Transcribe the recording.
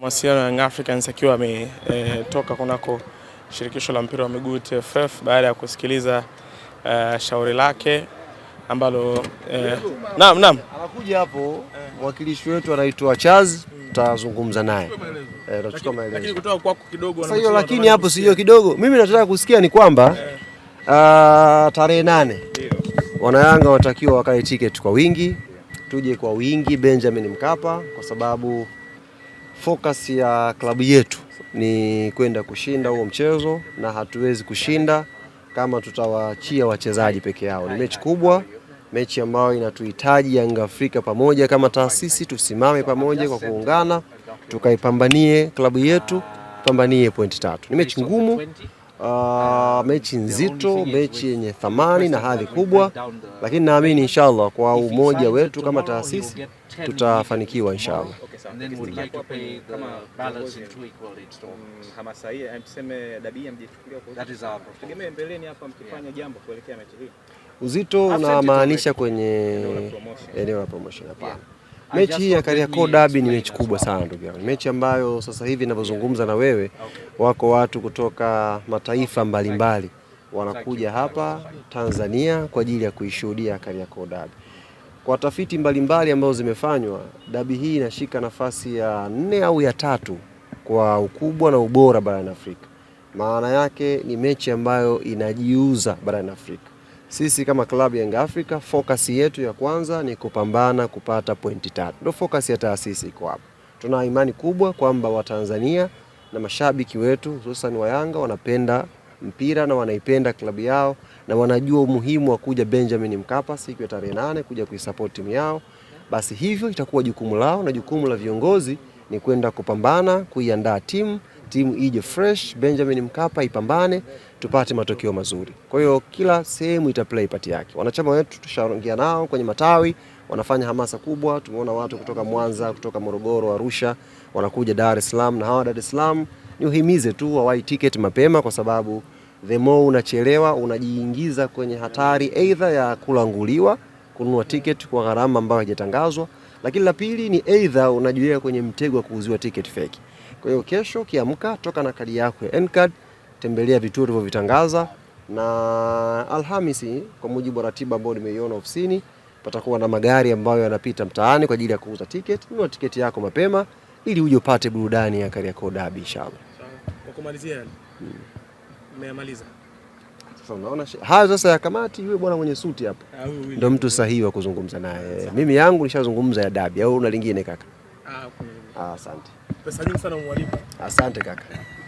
Mawasiliano ya Young Africans akiwa ametoka e, kunako shirikisho la mpira wa miguu TFF baada ya kusikiliza uh, shauri lake ambalo eh, naam naam, anakuja hapo mwakilishi wetu anaitwa Chaz, tutazungumza naye tutachukua maelezo eh, kutoka kwako kidogo. Sasa hiyo lakini hapo hiyo kidogo, mimi nataka kusikia ni kwamba uh, tarehe nane wanayanga watakiwa wakae tiketi kwa wingi, tuje kwa wingi Benjamin Mkapa kwa sababu focus ya klabu yetu ni kwenda kushinda huo mchezo, na hatuwezi kushinda kama tutawaachia wachezaji peke yao. Ni mechi kubwa, mechi ambayo inatuhitaji Yanga Afrika pamoja kama taasisi, tusimame pamoja kwa kuungana, tukaipambanie klabu yetu, pambanie pointi tatu. Ni mechi ngumu. Uh, mechi nzito, mechi yenye thamani na hadhi kubwa, lakini naamini inshallah kwa umoja wetu kama taasisi tutafanikiwa inshallah. Uzito unamaanisha kwenye eneo la promotion hapana? Mechi hii ya Kariakoo Derby ni mechi kubwa sana ndugu yangu, mechi ambayo sasa hivi ninavyozungumza na wewe, wako watu kutoka mataifa mbalimbali wanakuja hapa Tanzania kwa ajili ya kuishuhudia Kariakoo Derby. Kwa tafiti mbalimbali ambazo zimefanywa, dabi hii inashika nafasi ya nne au ya tatu kwa ukubwa na ubora barani Afrika. Maana yake ni mechi ambayo inajiuza barani Afrika. Sisi kama klabu ya Young Africa focus yetu ya kwanza ni kupambana kupata pointi tatu, ndio focus ya taasisi iko hapo. Tuna imani kubwa kwamba Watanzania na mashabiki wetu hususan wa Yanga wanapenda mpira na wanaipenda klabu yao na wanajua umuhimu wa kuja Benjamin Mkapa siku ya tarehe nane kuja kuisupport timu yao. Basi hivyo itakuwa jukumu lao na jukumu la viongozi ni kwenda kupambana kuiandaa timu timu ije fresh Benjamin Mkapa, ipambane tupate matokeo mazuri. Kwa hiyo kila sehemu ita play part yake. Wanachama wetu tushaongea nao kwenye matawi, wanafanya hamasa kubwa. Tumeona watu kutoka Mwanza, kutoka Morogoro, Arusha wanakuja Dar es Salaam, na hawa Dar es Salaam ni uhimize tu wawai ticket mapema, kwa sababu the more unachelewa unajiingiza kwenye hatari aidha ya kulanguliwa kununua tiketi kwa gharama ambayo haijatangazwa, lakini la pili ni aidha unajiweka kwenye mtego wa kuuziwa tiketi fake. Kwa hiyo kesho ukiamka, toka na kadi yako ya N-card, tembelea vituo tulivyovitangaza, na Alhamisi kwa mujibu wa ratiba ambayo nimeiona ofisini, patakuwa na magari ambayo yanapita mtaani kwa ajili ya kuuza tiketi. Nunua tiketi yako mapema ili uje upate burudani ya Kariakoo Derby inshallah. Kwa kumalizia yani. Hmm. Mmemaliza. Sasa unaona hayo sasa ya kamati, yule bwana mwenye suti hapo ah, ndio mtu sahihi wa kuzungumza naye. Mimi yangu nishazungumza ya dabi, au una lingine kaka? Ah, ah, asante. Pesa nyingi sana mwalimu. Asante kaka.